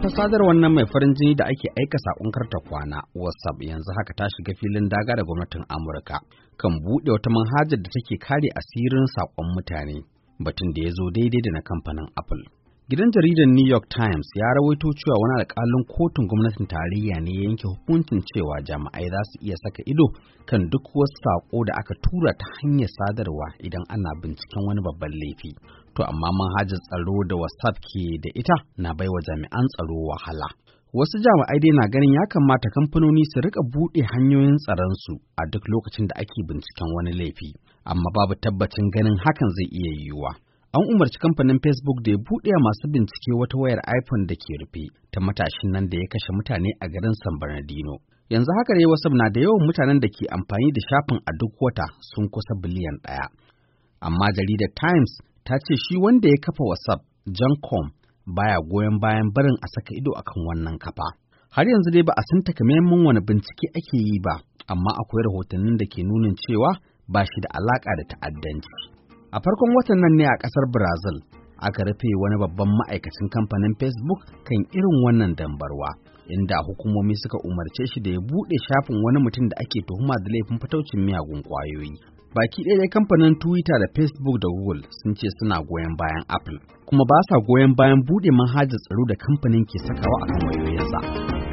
Wata sadarwar nan mai farin jini da ake aika saƙon karta kwana WhatsApp yanzu haka ta shiga filin daga da gwamnatin Amurka kan buɗe wata manhajar da take kare asirin sakon mutane batun da ya zo daidai da na kamfanin Apple. Gidan jaridar New York Times ya rawaito cewa wani alƙalin kotun gwamnatin tarayya ne ya yanke hukuncin cewa jami'ai za su iya saka ido kan duk wasu saƙo da aka tura ta hanyar sadarwa idan ana binciken wani babban laifi. To amma manhajar tsaro da WhatsApp ke da ita na baiwa jami'an tsaro wahala. Wasu jami'ai dai na ganin ya kamata kamfanoni su rika buɗe hanyoyin tsaronsu a duk lokacin da ake binciken wani laifi, amma babu tabbacin ganin hakan zai iya yiwuwa. an umarci kamfanin Facebook da ya buɗe masu bincike wata wayar iPhone da ke rufe ta matashin nan da ya kashe mutane a garin San Bernardino. Yanzu haka dai wasu na da yawan mutanen da ke amfani da shafin a duk wata sun kusa biliyan ɗaya. Amma jaridar Times ta ce shi wanda ya kafa WhatsApp, John Com, baya goyon bayan barin a saka ido akan wannan kafa. Har yanzu dai ba a san takamaiman wani bincike ake yi ba, amma akwai rahotannin da ke nunin cewa ba shi da alaƙa da ta'addanci. A farkon watan nan ne a ƙasar Brazil aka rufe wani babban ma'aikacin kamfanin Facebook kan irin wannan dambarwa, inda hukumomi suka umarce shi da ya buɗe shafin wani mutum da ake tuhuma da laifin fataucin miyagun ƙwayoyi. Baki ɗaya kamfanin Twitter da Facebook da Google sun ce suna goyon bayan Apple, kuma ba sa goyon bayan buɗe manhajar tsaro da kamfanin ke sakawa a kan wayoyinsa.